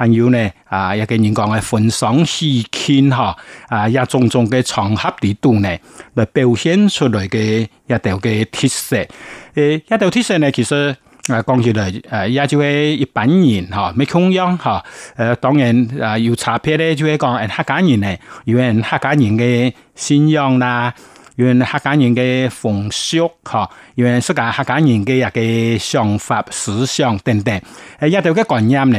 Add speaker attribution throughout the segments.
Speaker 1: 還有呢？啊，也跟人講嘅婚喪喜慶哈，啊，也種種嘅場合裏度呢，來表現出來嘅也兜嘅特色。誒、呃，也兜特色呢，其實啊，講起來誒、呃，也就係一般人哈，唔共樣哈。誒、啊，當然啊，有差別咧，就會講客家人咧，因為客家人嘅信仰啦、啊，因為客家人嘅風俗哈、啊，因為是講客家人嘅一個想法、思想等等，誒、啊，也兜嘅觀念呢。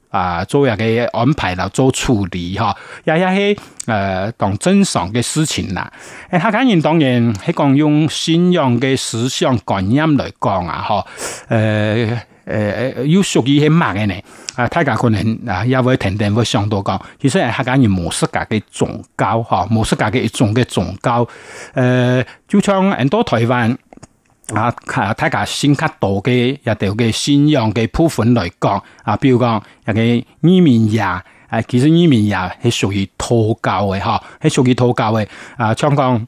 Speaker 1: 啊，做下嘅安排啦，做處理哈，也也係，呃，當正常的事情啦。誒，客家人當然喺講用信仰嘅思想觀念嚟講啊，呃，誒、呃、誒，要屬於係乜嘅呢？啊、呃，大家可能啊，也會聽聽會想到講，其實客家人模式嘅的宗教，嗬，模式嘅的一種的宗教，呃，就像很多台灣。啊，睇下先級道嘅一啲嘅信仰嘅部分來講。啊，比如講人嘅伊面牙，其實伊面牙係屬於道教嘅嚇，係屬於道教嘅，啊，聽講。啊啊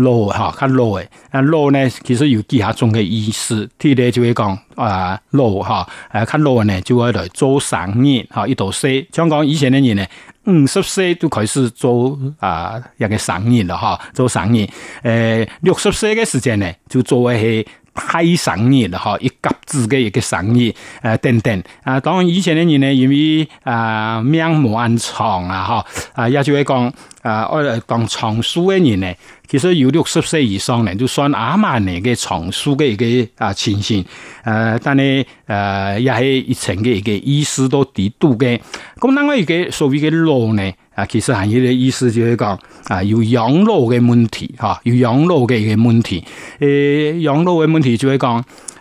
Speaker 1: 老吓，佢老誒，啊老呢，其實有幾下種嘅意思，啲人、呃、就會講，啊老吓，誒，佢老呢就會嚟做生意，吓，一度四，香港以前啲人呢，五十歲就開始做啊、呃、一個生意啦，吓，做生意，誒、呃，六十歲嘅時間呢，就做為係大生意啦，吓，一甲子嘅一個生意，誒、呃，等等，啊，當然以前啲人呢，因為啊、呃、命冇咁長啊，吓、呃，啊，也就會講，啊、呃，我當長壽嘅人呢。其實有六十歲以上呢，就算阿媽嚟嘅長壽嘅，一個啊情形，呃，但係呃也係以前嘅一個意思都睇度嘅。咁另外一個所謂嘅老呢，啊，其實含義嘅意思就會講，啊，有養老嘅問題，哈、啊，有養老嘅一個問題，誒、呃，養老嘅問題就會講。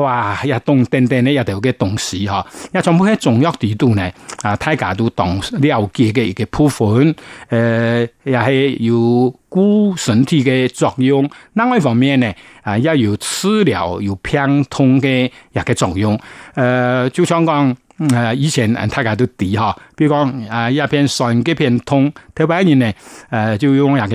Speaker 1: 哇！一動等等咧，一條嘅東西哈，也從某些重要地段咧，啊，大家都懂了解嘅一個部分，呃，也係有顧身體嘅作用。另外一方面咧，啊，也有治療、有偏痛嘅一個作用。呃，就像講，誒、嗯，以前大家都知哈，比如講，啊，一片酸，一片痛，台灣人咧，呃，就用兩個。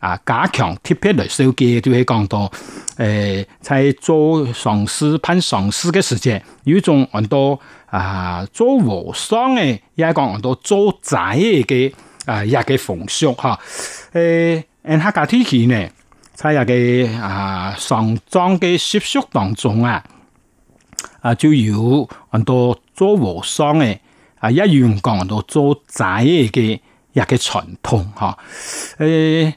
Speaker 1: 啊！加強貼片類手機都會講到，誒，在、欸、做喪事辦喪事嘅時節，有種很多啊做和尚嘅，也講很多做仔嘅啊，也嘅風俗哈，誒，喺客家地區呢，在嘅啊喪葬嘅習俗當中啊，啊就有很多做和尚嘅，啊一樣，講到做仔嘅，也嘅傳統。哈、啊，誒、欸。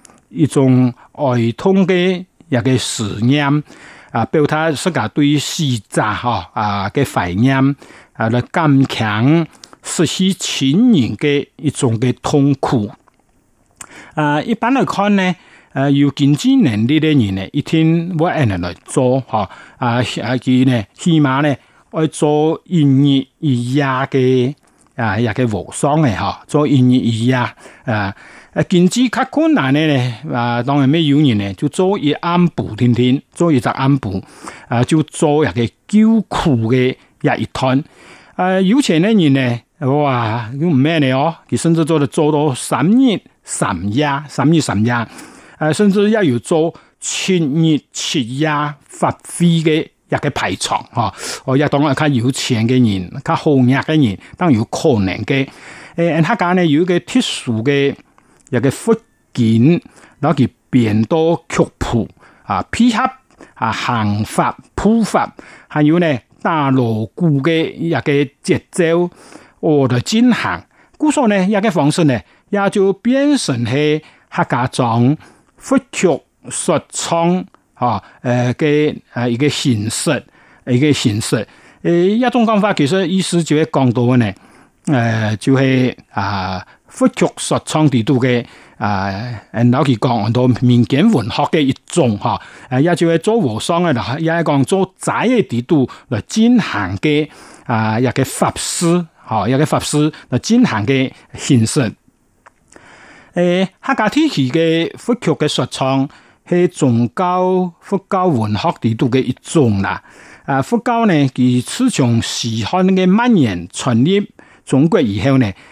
Speaker 1: 一種哀痛的，一個思念啊，表達他自家對於逝者哈啊嘅懷念啊，來堅強，實現親人的一種嘅痛苦。啊，一般來看呢，啊，有經濟能力嘅人呢，一天我按日來，來做哈，啊啊佢呢起碼呢，要做一年一夜的，啊，一個午雙嘅哈，做一年一夜啊。啊，經濟較困難咧，咧，啊，當然咩演呢就做一暗晡天天做一隻暗晡，啊，就做一個艱苦的一一團，啊，有錢嘅人呢哇，佢咩嘅哦，佢甚至做到做到三日三夜三日三夜，誒、啊，甚至要要做七日七夜發揮嘅一個排場哦，哦、啊，要、啊、當然睇有錢嘅人，佢好壓嘅人，然有可能嘅，誒、啊，佢講咧有一個特殊嘅。也一個附件攞佢變多曲譜啊，配合啊行法、普法，還有呢大鑼鼓嘅也一個節奏，我哋進行。咁所以呢一個方式呢，也就變成係客家種戲曲說唱啊，誒嘅啊一個形式，一個形式。誒、呃，一種講法其實意思就會講到呢，誒、呃、就係啊。佛教說唱地圖嘅，誒、呃，老佢講好多民間文學嘅一種哈，啊，也就係做和尚嘅，也係講做齋嘅地圖嚟進行嘅，啊，一個法師，吓、啊，一個法師嚟進、啊啊啊、行嘅形式。誒、呃，客家地區嘅佛教嘅說唱係宗教、佛教文學地圖嘅一種啦。啊，佛教呢，佢自從西方嘅蔓延傳入中國以後呢，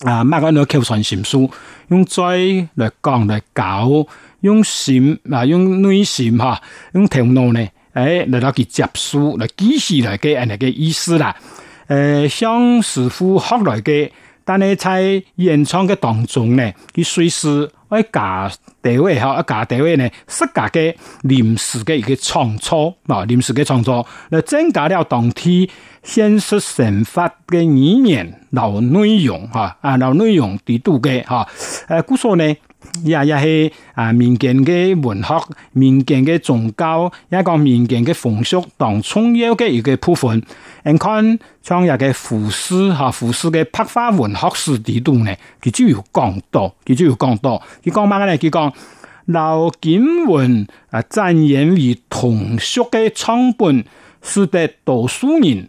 Speaker 1: 啊，乜個呢？口傳心授，用嘴來講嚟教，用心啊，用內心吓，用頭腦呢，誒嚟到去接收，來記事來嘅，係那個意思啦。誒、欸，向師傅學嚟嘅，但係在演唱的當中呢，去隨時會加調位吓，一加調位呢，適當嘅臨時嘅一個創作，啊、哦，臨時嘅創作，嚟增加了動體。先識成法的語言老內容，哈、啊，啊老內容最多嘅，哈，誒，故說呢，也也是啊民間嘅文學，民間嘅宗教，一講民間嘅風俗當重要嘅一個部分，連看創業嘅胡適，哈，胡適嘅白話文學史制度呢，佢就有講到，佢就有講到，佢講乜嘅呢？佢講老景文啊，讚揚於通俗嘅創本，使得讀書人。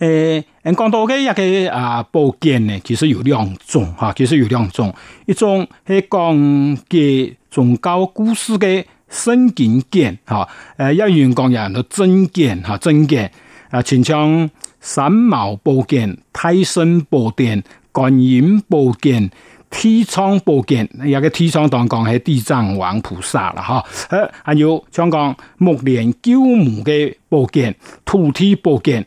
Speaker 1: 誒、欸，人講到嘅一個啊寶劍呢，其實有兩種哈、啊，其實有兩種，一種係講嘅宗教故事嘅神劍劍，哈，誒，一元講嘅係真劍哈，真劍，啊，似、呃、像、啊啊、三毛寶劍、太升寶劍、觀音寶劍、鐵窗寶劍，有個鐵窗當講係地藏王菩薩啦，哈、啊，誒、啊，還有想講目連救母嘅寶劍、土地寶劍。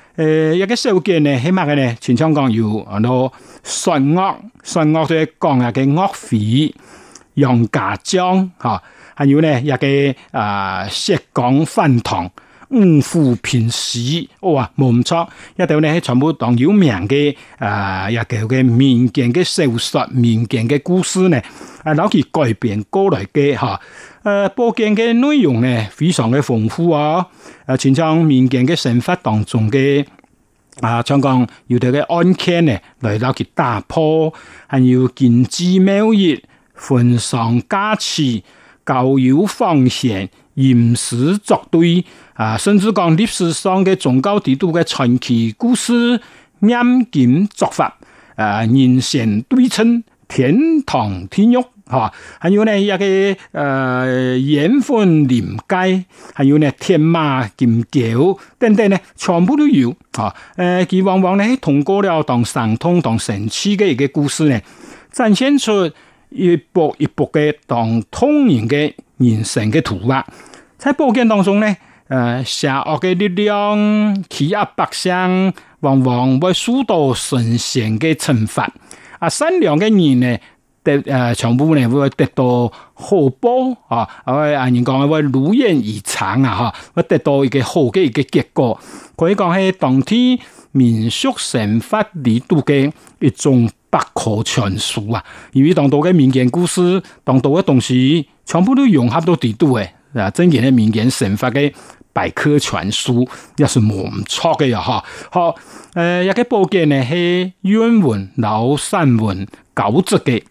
Speaker 1: 誒一個秀劇咧，起碼嘅咧，全香港有啊多純鵝、純鵝嘅講下嘅岳飛、楊家將嚇、啊，還有咧一個啊薛剛反唐五虎平西，哇，冇錯，一一啲咧全部當有名嘅啊一個嘅民間嘅秀術、民間嘅故事咧，啊，攞嚟、嗯哦啊啊啊啊、改編過來嘅嚇。啊呃，布景嘅內容呢，非常嘅豐富啊！誒，從像民間嘅生活當中嘅，啊，像講、啊、有啲嘅案件呢，嚟到去打破，還有建祠廟宇，奉上家祠，教妖防邪、吟詩作對啊，甚至講歷史上嘅宗教帝都嘅傳奇故事、嚴檢作法，啊，人神對稱天堂天獄。還有要呢一個呃緣分臨街，還有呢天馬金橋等等呢，全部都有嚇。誒、哦，佢、呃、往往呢通過了當上通當神氣嘅一個故事呢，展現出一步一步嘅當通然嘅人生嘅圖畫。在報間當中呢，誒邪惡嘅力量欺壓百姓，往往會受到神仙嘅懲罰。啊，善良嘅人呢？得誒、呃，全部咧會得到好報啊！我阿人講，我如願以償啊！嚇，我得到一個好嘅一個結果。可以講係當天民俗成法裏度嘅一種百科全書啊！因為當度嘅民間故事，當度嘅東西，全部都融合到度嘅啊！整嘅，嘅民間成法嘅百科全書也是冇錯嘅呀！嚇、啊，好、呃、誒，一個報件咧係原文、然後散文、九族嘅。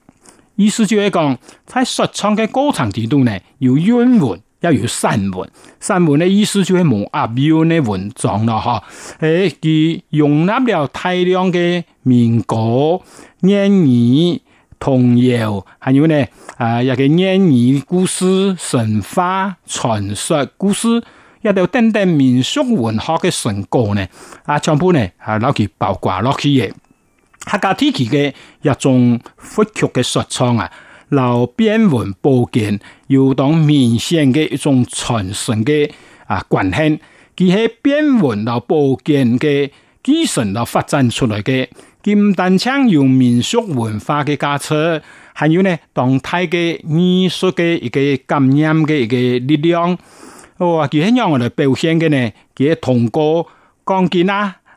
Speaker 1: 意思就係講，在說唱嘅高層地段呢，有韻文，要有散文。散文呢，意思就係冇押韻嘅文章咯，吓。誒，佢容納了大量嘅民歌、諺語、童謠，還有呢，啊，一個諺語故事、神話傳說故事，一啲等等民俗文學嘅成果呢，啊，全部呢攞、啊、包括落去嘅。客家地區嘅一種佛教的說唱啊，由變文寶卷，有當明顯的一種傳承的啊，的的啊關係。其實變文的寶卷嘅繼承的發展出來的金丹腔有民俗文化的架車，還有呢動態嘅藝術嘅一個感染的一個力量。哦，其實讓我的表現的呢，佢通過講件啊。